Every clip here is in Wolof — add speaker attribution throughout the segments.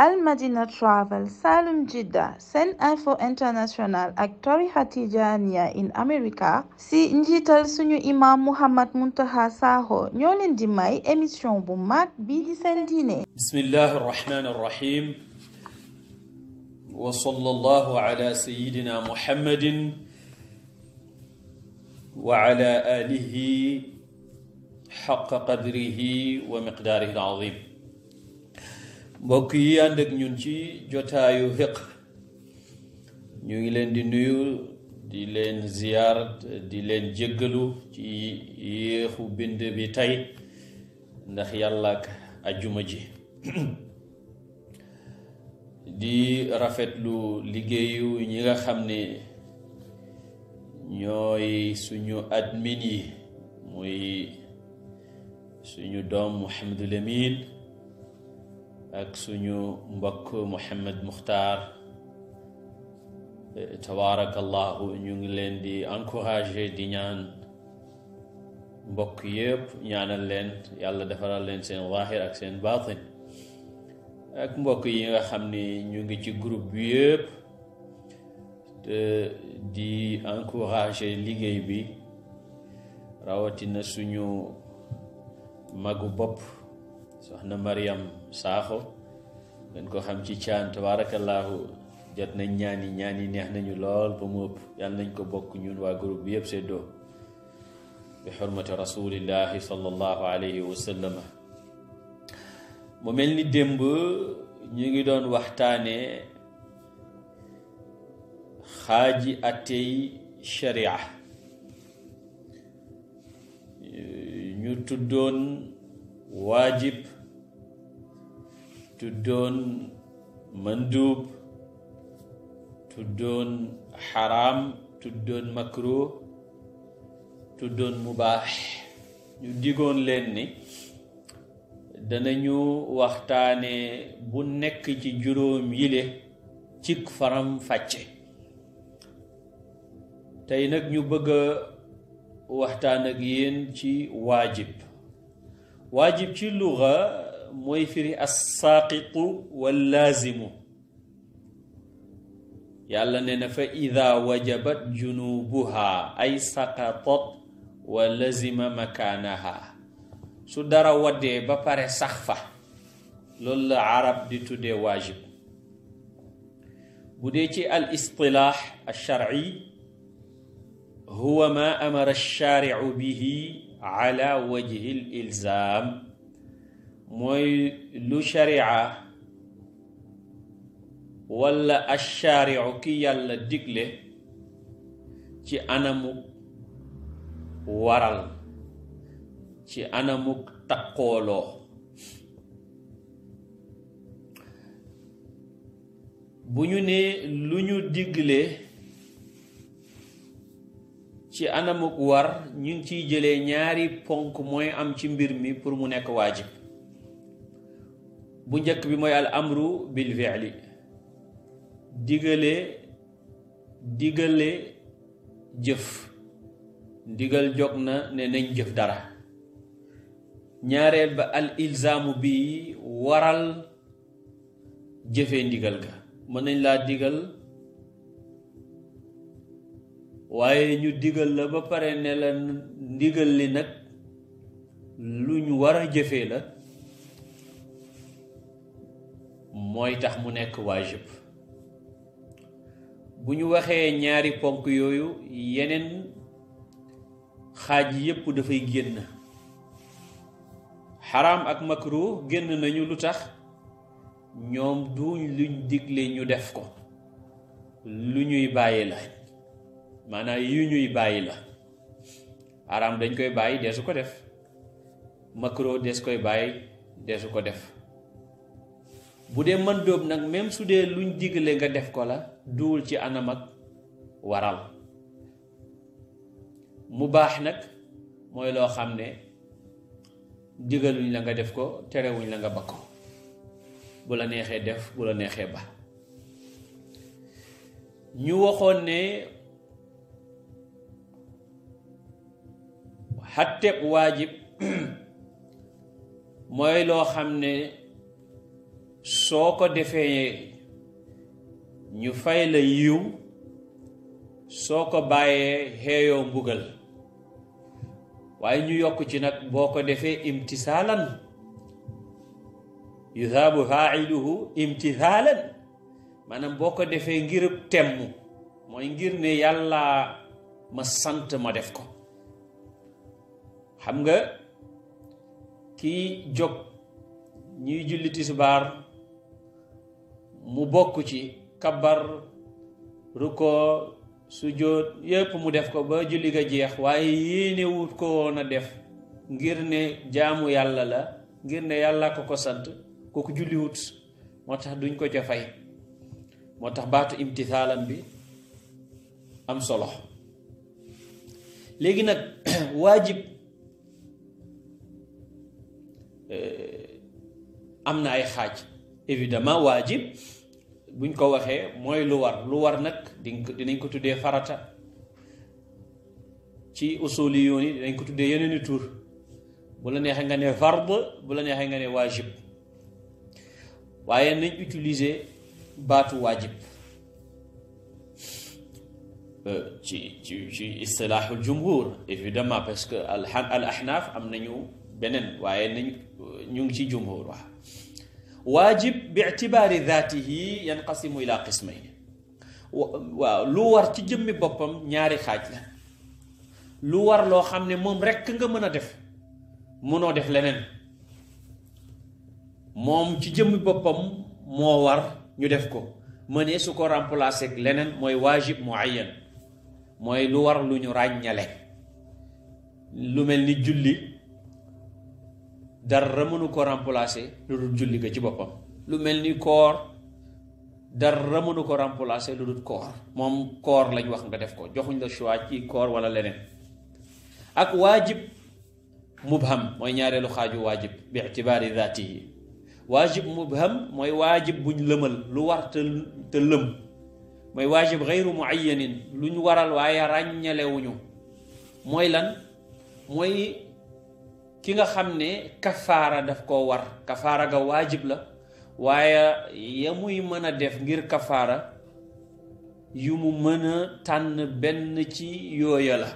Speaker 1: al madina travel salum jidda sen info international ak tarixa tijaniya in america si njiital suñu imam muhammad muntaha sakho ñoo leen di may émission bu mag bii di seen diine bismillahi arrahmani arrahim wa sallallahu ala sayidina muhammadin wa ala alihi xaqa qadrihi wa miqdaarihi al azim mbokk yi ànd ak ñun ci jotaayu fiq ñu ngi leen di nuyu di leen ziyaar di leen jëggalu ci yéexu bind bi tey ndax yàlla ak ajjuma ji di rafetlu liggéeyu ñi nga xam ni ñooy suñu admin yi muy suñu doom Mouhamadou Lamine ak suñu mbokk Mouhamed Muxtaar eh, tabaarakallahu ñu ngi leen di encourager di ñaan mbokk yépp ñaanal leen yàlla defaral leen seen zaahir ak seen baatin ak mbokk yi nga xam ni ñu ngi ci groupe bi yépp di encourager liggéey bi rawatina suñu magu bopp soxna Mariam Saaxo ngeen ko xam ci caan tabaarakallaahu jot nañ ñaan yi neex nañu lool ba mu ëpp yàlla nañ ko bokk ñun waa groupe bi yëpp seddoo bi xurmati rasulillahi sallallahu alayhi mu mel ni démb ñu ngi doon waxtaane xaaji attey sharia ñu tuddoon waajib tuddoon manduub tuddoon xaraam tuddoon makruh tuddoon mubaax ñu digoon leen ni danañu waxtaane bu nekk ci juróom yile cik faram fàcce tey nag ñu bëgga waxtaan ak yéen ci waajib waajib ci luga mooy firi assaaqiqu wallaazimu yàlla nee na fa ida wajabat junubuha ay saqatat wa lazima makaanaha su dara wadde ba pare sax fa loolu la arab di tuddee waajib bu dee ci al istilaax alsharci huwa ma amara alshaaricu bihi ala wajhi al mooy lu sharia walla ashaariu ki yàlla digle ci anamuk waral ci anamuk takkooloo bu ñu nee lu ñu digle ci anamuk war ñu ngi ciy jëlee ñaari ponk mooy am ci mbir mi pour mu nekk waajib bu njëkk bi mooy al amru bil fi'li digale digale jëf ndigal jog na ne nañ jëf dara ñaareel ba al ilzaamu bi waral jëfee ndigal ga mën nañ laa digal waaye ñu digal la ba pare ne la ndigal li nag lu ñu war a jëfe la mooy tax mu nekk waajib bu ñu waxee ñaari ponk yooyu yeneen xaaj yépp dafay génn xaraam ak macro génn nañu lu tax ñoom duñ luñ digle ñu def ko lu ñuy bàyyi la maanaa yu ñuy bàyyi la xaraam dañ koy bàyyi deesu ko def macro dees koy bàyyi desu ko def bu dee mën dóob nag même su dee luñ digle nga def ko la duwul ci anam ak waral mu baax nag mooy loo xam ne digaluñ la nga def ko terewuñ la nga ba ko bu la neexee def bu la neexee ba ñu waxoon ne xatteb waajib mooy loo xam ne soo ko defee ñu fay la yiw soo ko bàyyee xeeyoo mbugal waaye ñu yokk ci nag boo ko defee imtisaalan yuzaabu faailuhu imtisaalan maanaam boo ko defee ngir temm mooy ngir ne yàlla ma sant ma def ko xam nga kii jóg ñuy julli tisbaar mu bokk ci kabar ruko sujjóot yépp mu def ko ba julli ga jeex waaye yéene wut ko woon a def ngir ne jaamu yàlla la ngir ne yàlla ko ko sant kooku julli wut moo tax duñ ko ca moo tax baatu imtisaalam bi am solo léegi nag waajib eh, am na ay xaaj évidemment waajib buñ ko waxee mooy lu war lu war nag dinañ ko tuddee farata ci usuli yoon yi dinañ ko tuddee yeneeni tur bu la neexee nga ne fard bu la neexee nga ne waajib waaye nañ utiliser baatu waajib euh, ci ci ci istilaaxul jumhur évidemment parce que al ahnaf am nañu beneen waaye nañ euh, ñu ngi ci jumhur wax waajib bi ictibaari daatihi yanqasimu ila qismayni waaw lu war ci jëmmi boppam ñaari xaaj la lu war loo xam ne moom rekk nga mën a def mënoo def leneen moom ci jëmmi boppam moo war ñu def ko mënee su ko remplacer leneen mooy waajib muayyan mooy lu war lu ñu ràññale lu mel ni julli dara mënu ko remplacer lu dul julli ga ci boppam lu mel ni koor dara mënu ko remplacer lu dul koor moom koor lañ wax nga def ko joxuñ la choix ci koor wala leneen ak waajib mubham mooy ñaareelu xaaju waajib bi ictibaari daatihi waajib mubham mooy waajib buñ lëmal lu war te te lëm mooy waajib xayru muayyanin lu ñu waral waaye ràññalewuñu mooy lan mooy ki nga xam ne kafaara daf koo war kafaara ga waajib la waaye ya muy mën a def ngir kafaara yu mu mën a tànn benn ci yooya la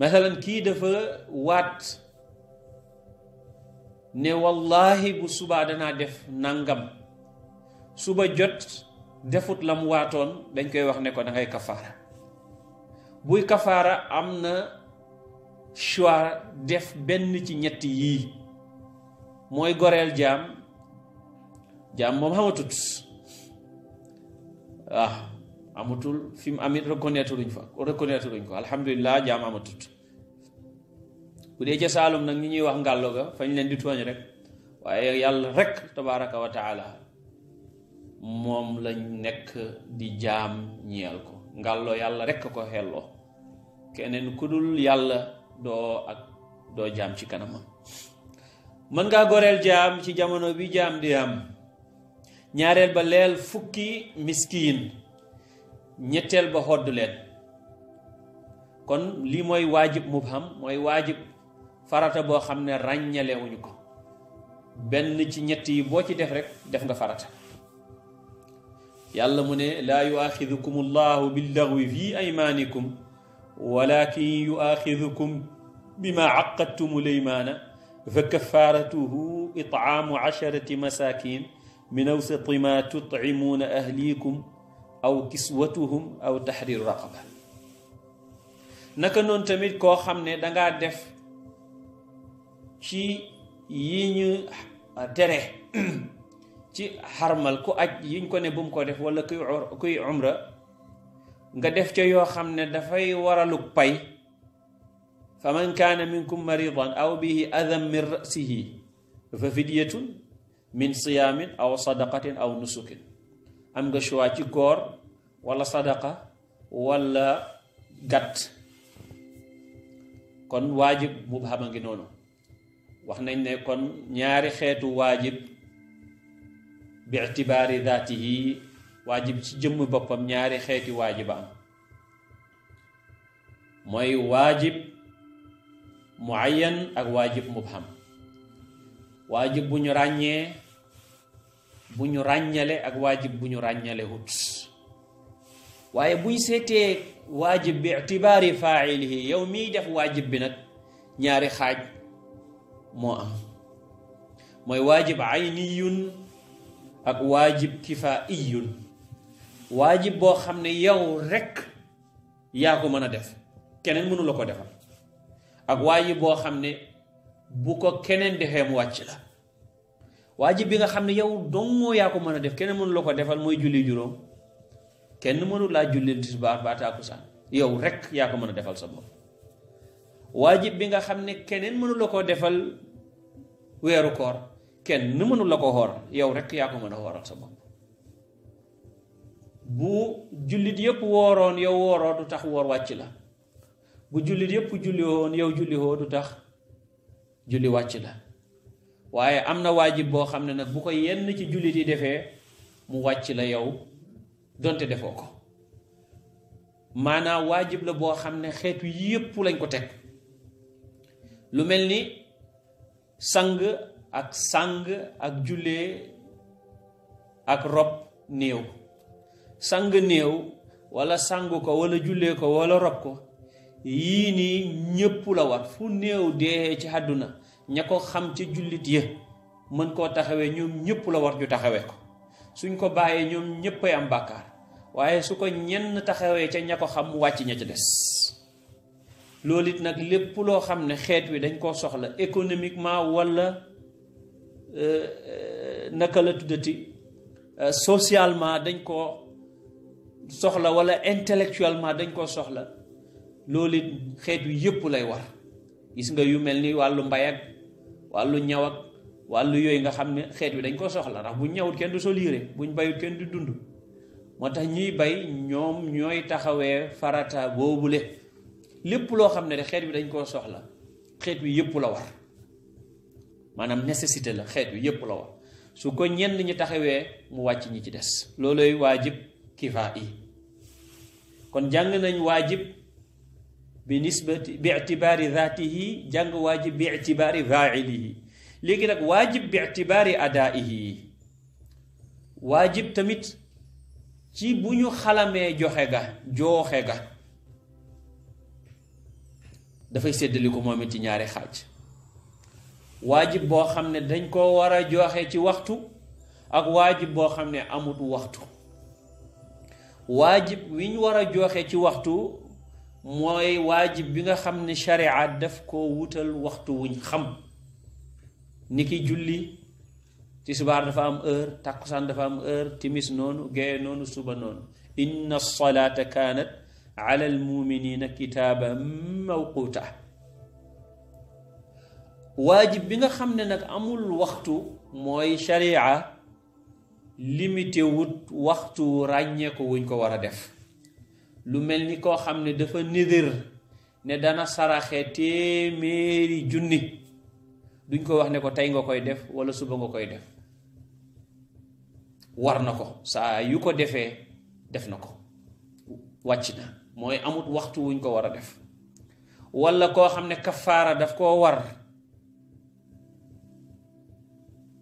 Speaker 1: masalan kii dafa waat ne wallahi bu subaa danaa def nangam suba jot defut lam waatoon dañ koy wax ne ko da kafaara buy kafaara am na choix def benn ci ñetti yii mooy goreel jaam jaam moom xamatut waaw ah, amatul fi mu amit reconnaître luñ fa reconnaître ko alhamdulilah jaam amatut bu dee ca saalum nag ñi ñuy wax ngàllo ga fañ leen di tooñ rek waaye yàlla rek tabaraka wa moom lañ nekk di jaam ñeel ko ngàlloo yàlla rek a ko xelloo keneen ku yàlla doo ak doo jaam ci kanamam mën ngaa goreel jaam ci jamono bi jaam di am ñaareel ba leel fukki miskiin ñetteel ba xodd leen kon lii mooy waajib mubham mooy waajib farata boo xam ne ràññalewuñu ko benn ci ñett yi boo ci def rek def nga farata yàlla mu ne laa yuaxidukum allahu billaxwi fi aymaanikum walakin yuaxidukum bima aqadtumu leymaana fa kafaaratuhu itaamu asharati masaakin min awsati ma tutcimuuna ahliikum aw kiswatuhum aw tahriru raqaba naka noonu tamit koo xam ne danga def ci yi tere ci xarmal ku aj yiñ ko ne bum mu ko def wala kuy kuy nga def ca yoo xam ne dafay waraluk pay faman kaana minkum maridan aw bihi adan min rasihi fa fidyatun min siyaamin aw sadaqatin aw nusukin am nga choix ci goor wala sadaqa wala gàtt kon waajib mubham a ngi noonu wax nañ ne kon ñaari xeetu waajib bi itibaari daatihi waajib ci jëmm boppam ñaari xeeti waajiba am mooy waajib muayyan ak waajib mubham waajib bu ñu ràññee bu ñu ràññale ak waajib bu ñu ràññale hut waaye buñ seetee waajib bi itibaari faa'ilihi yow miy def waajib bi nag ñaari xaaj moo am mooy waajib ayniyun ak waajib kifaa'iyun waajib boo xam ne yow rekk yaa ko mën a def keneen mënu ko defal ak waaji boo xam ne bu ko keneen defee mu wàcc la waajib bi nga xam ne yow dong yaa ko mën a def keneen mënu ko defal mooy julli juróom kenn mënu laa julli tisbaar ba tàkkusaan yow rek yaa ko mën a defal sa bopp bi nga xam ne keneen mënu koo defal weeru koor kenn mënu la ko xoor yow rek yaa ko mën a xooral sa bopp bu jullit yépp wooroon yow wooroo du tax woor wàcc la bu jullit yépp julli woon yow julli woo du tax julli wàcc la waaye am na waajib boo xam ne nag bu ko yenn ci jullit yi defee mu wàcc la yow donte defoo ko maanaam waajib la boo xam ne xeetu yépp lañ ko teg lu mel ni sang ak sang ak jullee ak rob néew sang néew wala sang ko wala jullee ko wala rob ko yii nii ñëpp la war fu néew dee ci àdduna ña ko xam ci jullit yi mën koo taxawee ñoom ñëpp la war ñu taxawee ko suñ ko bàyyee ñoom ñëpp am bàkkaar waaye su ko ñenn taxawee ca ña ko xam wàcc ña ca des loolu it nag lépp loo xam ne xeet wi dañ koo soxla économiquement walla euh, euh, naka la tuddati euh, socialement dañ koo soxla walla intellectuellement dañ koo soxla loolu xeet yu yëpp lay war gis nga yu mel ni wàllu mbay wàllu ñaw ak wàllu yooyu nga xam ne xeet wi dañ koo soxla ndax bu ñawut kenn du sol yére buñ bayut kenn du dund moo tax ñiy bay ñoom ñooy taxawee farata le lépp loo xam ne de xeet wi dañ koo soxla xeet wi yëpp la war maanaam nécessité la xeet wi yépp la war su ko ñenn ñi taxawee mu wàcc ñi ci des looloy waajib kifaa yi kon jàng nañ waajib bi nisbati bi itibaari zaatihi jàng waajib bi itibaari faa'ilihi léegi nag waajib bi itibaari adaa'ihi waajib tamit ci bu ñu xalamee joxe ga jooxe ga dafay séddali ko moom ci ñaari xaaj waajib boo xam ne dañ koo war a joxe ci waxtu ak waajib boo xam ne amut waxtu waajib wi ñu war a joxe ci waxtu mooy waajib bi nga xam ne sharia daf ko wutal waxtu wuñ xam ni ki julli tisbaar dafa am heure takkusaan dafa am heure timis noonu gee noonu suba noonu inna salaata kaanat ala almuminina kitaaban mawquta waajib bi nga xam ne nag amul waxtu mooy sharia limité wut waxtu ràññee ko wuñ ko war a def lu mel ni koo xam ne dafa nidir ne dana saraxe téeméeri junni duñ ko wax ne ko tey nga koy def wala suba nga koy def war na ko saa yu ko defee def na ko wàcc na mooy amut waxtu wuñ ko war a def wala koo xam ne kafaara daf koo war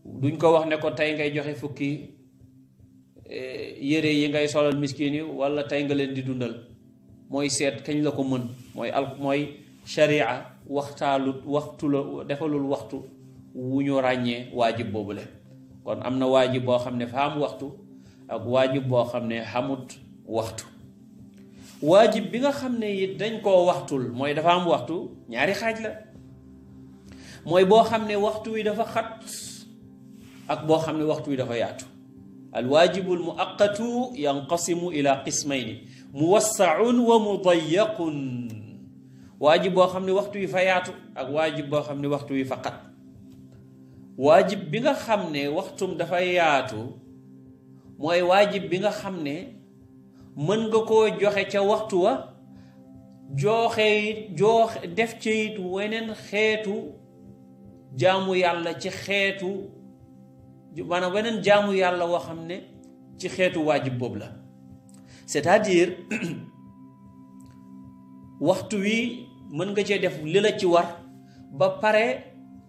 Speaker 1: duñ ko wax ne ko tey ngay joxe fukki Eh, yére yi ngay solal miskin yi walla tey nga leen di dundal mooy seet kañ la ko mën mooy al mooy sharia waxtaalut waxtu la defalul waxtu wu ñu ràññee waajib la kon am na waajib boo xam ne fa am waxtu ak waajib boo xam ne xamut waxtu waajib bi nga xam ne it dañ koo waxtul mooy dafa am waxtu ñaari xaaj la mooy boo xam ne waxtu wi dafa xat ak boo xam ne waxtu wi dafa yaatu alwaajibu almuaqatu yanqasimu ila mu muwassaun wa mudayaqun waajib boo xam ne waxtu wi fa yaatu ak waajib boo xam ne waxtu wi fa xat waajib bi nga xam ne dafa yaatu mooy waajib bi nga xam ne mën nga koo joxe ca waxtu wa jooxe joox def ci it weneen xeetu jaamu yàlla ci xeetu maanaam weneen jaamu yàlla woo xam ne ci xeetu waajib boobu la c'est-à-dire waxtu wi mën nga cee def li la ci war ba pare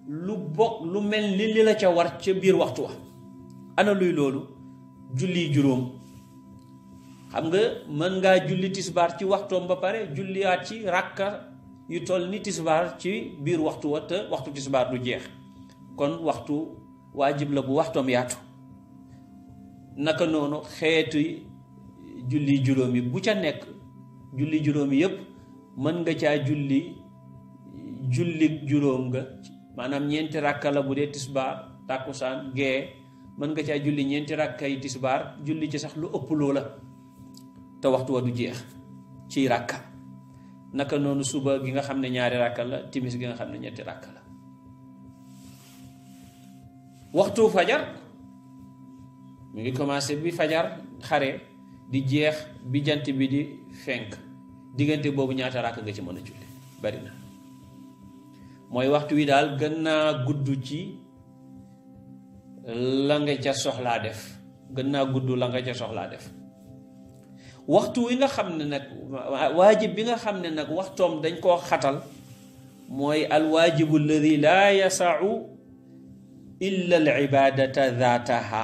Speaker 1: lu bokk lu mel ni li la ca war ca biir waxtu wa ana luy loolu julli juróom xam nga mën ngaa julli tisbaar ci waxtoom ba pare julliwaat ci ràkka yu toll ni tisbaar ci biir waxtu wa te waxtu tisbaar du jeex kon waxtu waajib la bu waxtoom yaatu naka noonu xeetu julli juróomi bu ca nekk julli juróom yépp mën nga caa julli julli juróom nga maanaam ñeenti rakka la bu dee tisbaar tàkkusaan gee mën nga caa julli ñeenti rakka yi tisbaar julli ci sax lu ëpp loo la te waxtu wa du jeex ci rakka naka noonu suba gi nga xam ne ñaari rakka la timis gi nga xam ne ñetti rakka la waxtu fajar mu ngi commencé bi fajar xare di jeex bijjant bi di fenk diggante boobu ñaata raaka nga ci mën a julli bari na mooy waxtu wi daal gën naa gudd ci langa ca soxlaa def gën naa gudd la nga ca soxlaa def waxtu wi nga xam ne nag waajib bi nga xam ne nag waxtoom dañ koo xatal mooy alwaajibu alladi laa yasau illa al ibadata zaataha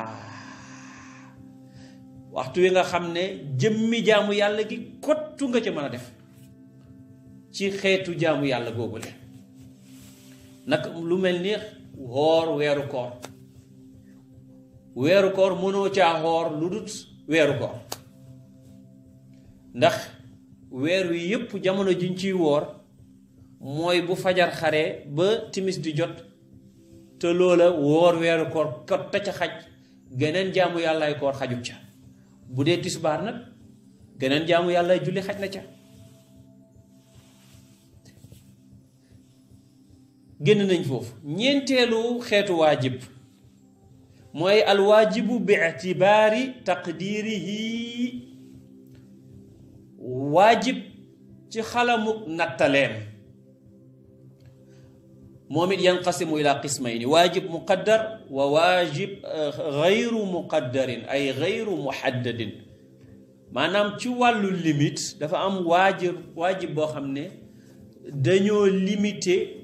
Speaker 1: waxtu wi nga xam ne jëmmi jaamu yàlla gi kottu nga ca mën a def ci xeetu jaamu yàlla googu le nag lu mel ni xoor weeru koor weeru koor mënoo caa xoor lu dut weeru koor ndax weer wi yépp jamono jiñ ciy woor mooy bu fajar xare ba timis di jot te loola woor weeru koor kot ta ca xaj geneen jaamu yàllaay koor xaju ca bu dee tisbaar nag geneen jaamu yàllaay julli xaj la ca génn nañ foofu ñeenteelu xeetu waajib mooy alwaajibu bi ictibaari taqdiirihi waajib ci xalamu nattaleen moom it yanqasimu ila qismayni waajib muqaddar wa waajib euh, gayru muqaddarin ay gayru muhaddadin maanaam ci wàllu limite dafa am waajib waajib boo xam ne dañoo limité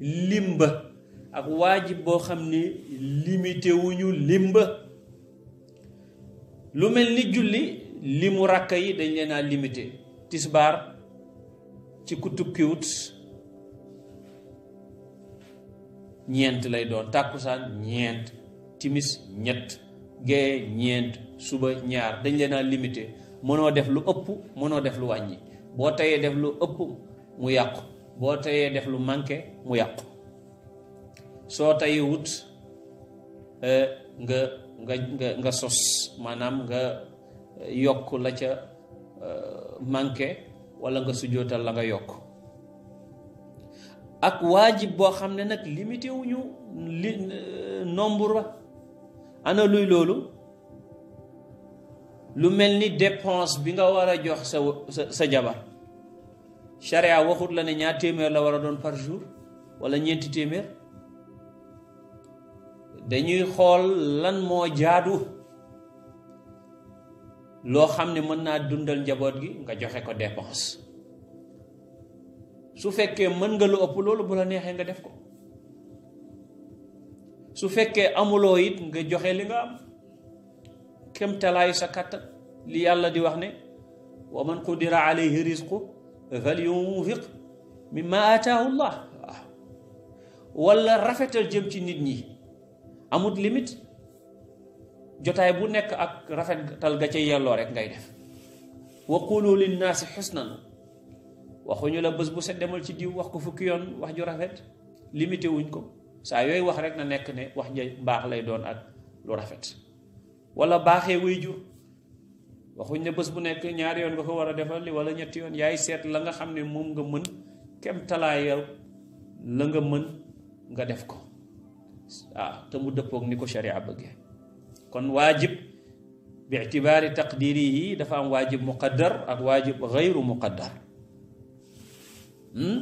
Speaker 1: limba ak waajib boo xam ne limité limb lu mel ni julli limu rakk yi dañ leen a limité tisbaar ci ku tukkiwut ñeent lay doon tàkkusaan ñeent timis ñett gee ñeent suba ñaar dañ leen a limité mënoo def lu ëpp mënoo def lu wàññi boo teyee def lu ëpp mu yàqu boo teyee def lu manqué mu yàqu soo tayee wut euh, nga nga nga nga sos maanaam nga euh, yokk la ca euh, manqué wala nga sujjootal la nga yokk ak waajib boo xam ne nag limité wuñu li euh, nombre ba ana luy loolu lu mel ni dépense bi nga war a jox sa sa jabar charia waxut la ne ñaar téeméer la war a doon par jour wala ñeenti téeméer dañuy xool lan moo jaadu loo xam ne mën naa dundal njaboot gi nga joxe ko dépense su fekkee mën nga lu ëpp loolu bu la neexee nga def ko su fekkee amuloo it nga joxe li nga am kem sa kàttan li yàlla di wax ne wa man qudira alayhi rizqu fal yunfiq mimma ataahu llah waaw ah. walla rafetal jëm ci nit ñi amut limite jotaay bu nekk ak rafetal ga ca yelloo rek ngay def wa linnaasi xusnan waxuñu la bës bu set demal ci diw wax ko fukki yoon wax ju rafet limité wuñ ko saa yooyu wax rek na nekk ne wax ja baax lay doon ak lu rafet wala baaxee way jur waxuñ ne bés bu nekk ñaari yoon nga ko war a defal wala ñetti yoon yaay seet la nga xam ne moom nga mën kem talaaya la nga mën nga def ko waaw ah, te mu dëppook ni ko sharia bëgge kon waajib bi itibaari taqdiri yi dafa am waajib muqaddar ak waajib xayru muqaddar Hmm?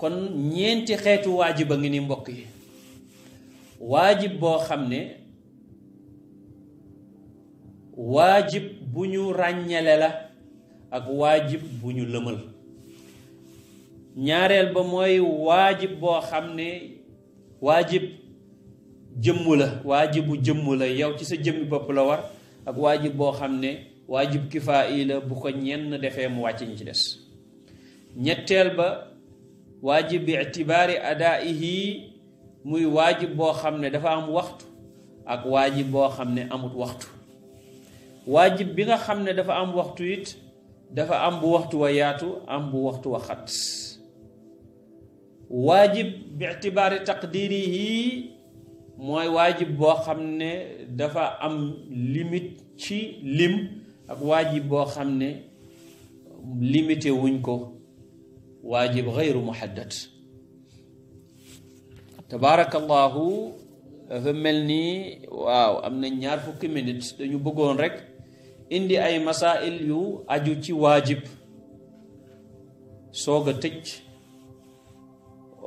Speaker 1: kon ñeenti xeetu waajib a ngi ni mbokk yi waajib boo xam ne waajib bu ñu ràññale la ak waajib bu ñu lëmal ñaareel ba mooy waajib boo xam ne waajib jëmm la waajibu jëmm la yow ci sa jëmmi bopp la war ak waajib boo xam ne waajib kifaa yi la bu ko ñenn defee mu wàcc ñi ci des ñetteel ba waajib bi ictibaari adaihi muy waajib boo xam ne dafa am waxtu ak waajib boo xam ne amut waxtu waajib bi nga xam ne dafa am waxtu it dafa am bu waxtu wa yaatu am bu waxtu wa xat waajib bi ictibaari taqdirihi mooy waajib boo xam ne dafa am limit ci lim ak waajib boo xam ne limité wuñ ko waajib xayru muhaddad tabaarakallaahu dafa mel ni waaw am na ñaar fukki minutes dañu bëggoon rekk indi ay masail yu aju ci waajib soog a tëj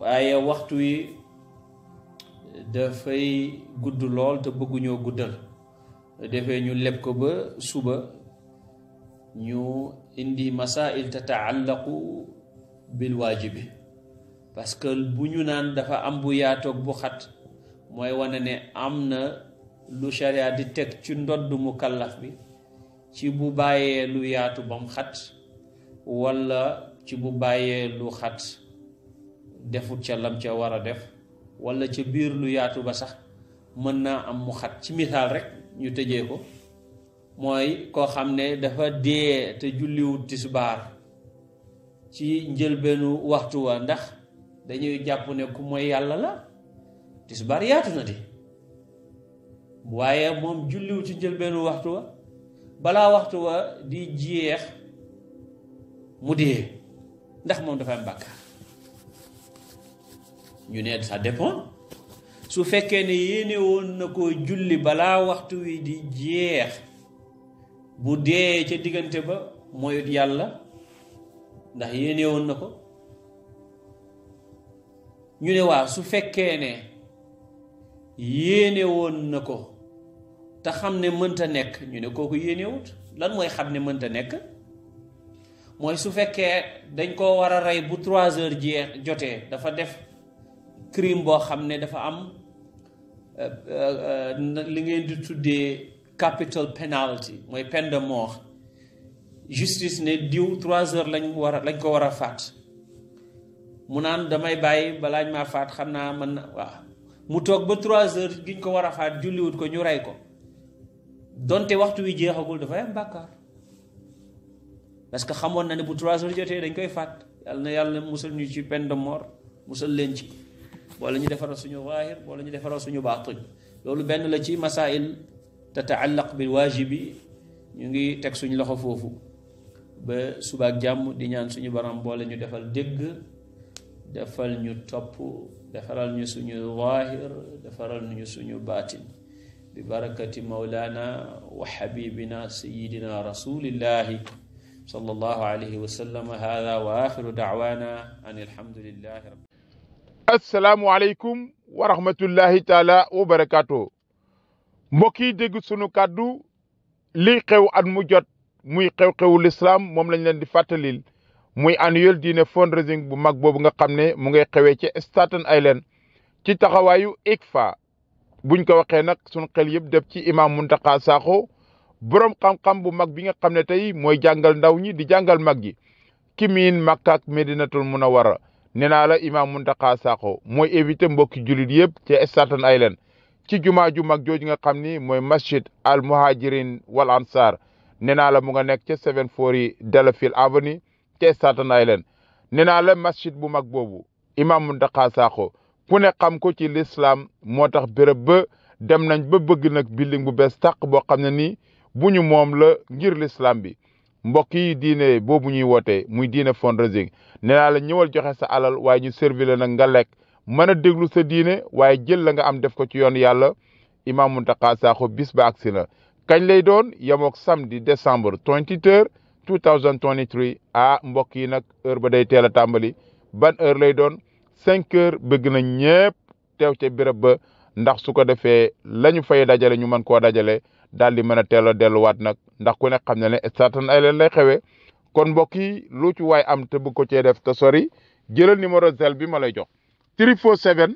Speaker 1: waaye waxtu yi dafay gudd lool te bëgguñoo guddal defee ñu leb ko ba suba ñu indi masail tataallaqu bil waajibi parce que bu ñu naan dafa am bu yaatoog bu xat mooy wane ne am na lu sharia di teg ci ndodd mu kallaf bi ci bu bàyyee lu yaatu bam xat walla ci bu bàyyee lu xat defut ca lam ca war a def walla ca biir lu yaatu ba sax mën naa am mu xat ci misaal rek ñu tëjee ko mooy koo xam ne dafa dee te julliwut tisbaar ci njëlbeenu waxtu wa ndax dañuy jàpp ne ku mooy yàlla la tisbaar na di waaye moom julliwu ci njëlbeenu waxtu wa balaa waxtu wa di jeex mu dee ndax moom dafa am ñu ne ça dépend su fekkee ne yéene na ko julli balaa waxtu wi di jeex bu dee ca diggante ba mooyut yàlla ndax yéene woon na ko ñu ne waa su fekkee ne yéene woon na ko te xam ne mënta nekk ñu ne kooku yéene lan mooy xam ne mënta nekk mooy su fekkee dañ koo war a rey bu trois heures jee jotee dafa def crime boo xam ne dafa am euh, euh, euh, li ngeen di tuddee capital penalty mooy peine de justice ne diw trois heures lañ war a lañ ko war a faat mu naan damay bàyyi balaañ maa faat xam naa mën na waa mu toog ba trois heures giñ ko war a faat julliwut ko ñu rey ko donte waxtu wi jeexagul dafay am bàkkaar parce que xamoon na ne bu trois heures jotee dañ koy faat yàlla na yàlla musal ñu ci peine de mort musal leen ci boole ñu defaral suñu waahir boole ñu defaral suñu baax baatin loolu benn la ci masail tata'allaq bil waajibi ñu ngi teg suñu loxo foofu ba suba ak jàmm di ñaan suñu baram boole ñu defal dégg defal ñu topp defaral ñu suñu zaahir defaral ñu suñu baatin bi barakati mawlana wa xabibina sayidina rasulillahi sallallahu alayhi wa sallam
Speaker 2: taala wa barakaatu mbokk yi dégg sunu kàddu li xew at mu jot muy xew-xewu lislaam moom lañ leen di fàttalil muy annuel dîner fundraising bu mag boobu nga xam ne mu ngay xewee ci Staten Island ci taxawaayu fa buñ ko waxee nag sunu xel yëpp def ci imam Muntaqa saako borom xam-xam bu mag bi nga xam ne tey mooy jàngal ndaw ñi di jàngal mag gi ki miin Makka ak Medinatul Munawwara nee naa la mun Muntaqa saako mooy éviter mbokki jullit yëpp ci Staten Island ci jumaa ju mag jooju nga xam ni mooy masjid al muhajirin wal ansar nee naa la mu nga nekk ca 740 Delafield Avenue ca Staten Island nee naa la masjid bu mag boobu imam Ndaxa Sakho ku ne xam ko ci lislaam moo tax béréb ba dem nañ ba bëgg nag building bu bees tàq boo xam ne nii bu ñu moom la ngir lislaam bi mbokk yi diine boobu ñuy wootee muy diine fundraising nee naa la ñëwal joxe sa alal waaye ñu servi la nag nga lekk mën a déglu sa diine waaye jël la nga am def ko ci yoon yàlla imam Muntaqa Sakho bis ba si na kañ lay doon yemook samedi décembre 23 2023 ah mbokk yi nag heure ba day teel a tàmbali ban heure lay doon cinq heures bëgg na ñëpp teew ca béréb ba ndax su ko defee la ñu fay dajale ñu mën koo dajale daal di mën a teel a delluwaat nag ndax ku ne xam na ne satan ay leen lay xewee kon mbokk yi lu ci waay am te bëgg ko cee def te sori jëlal numéro zel bi ma lay jox 347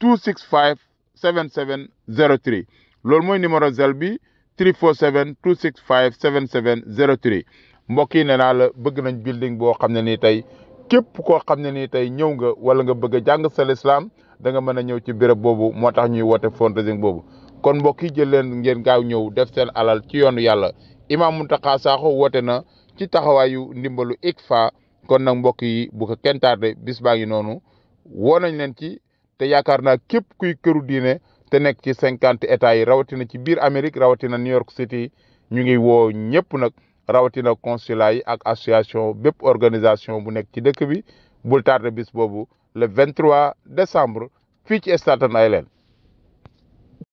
Speaker 2: 265 77 03 loolu mooy numéro zel bi 347 265 7703 mbokk yi nee naa la bëgg nañ building boo xam ne ni tey képp koo xam ne nii tey ñëw nga wala nga bëgg a jàng sa lislaam da mën a ñëw ci béréb boobu moo tax ñuy woote fundraising boobu kon mbokk yi jël leen ngeen gaaw ñëw def seen alal ci yoonu yàlla Imam Mountakha Sakho woote na ci taxawaayu ndimbalu ICFA kon nag mbokk yi bu ko kenn tardé bis baa ngi noonu woo nañ leen ci te yaakaar naa képp kuy këru diine te nekk ci cinquante états yi rawatina ci biir Amérique rawatina New York City ñu ngi woo ñëpp nag rawatina consulat ak association bépp organisation bu nekk ci dëkk bi bul tardé bis boobu le 23 décembre fii ci Staten Island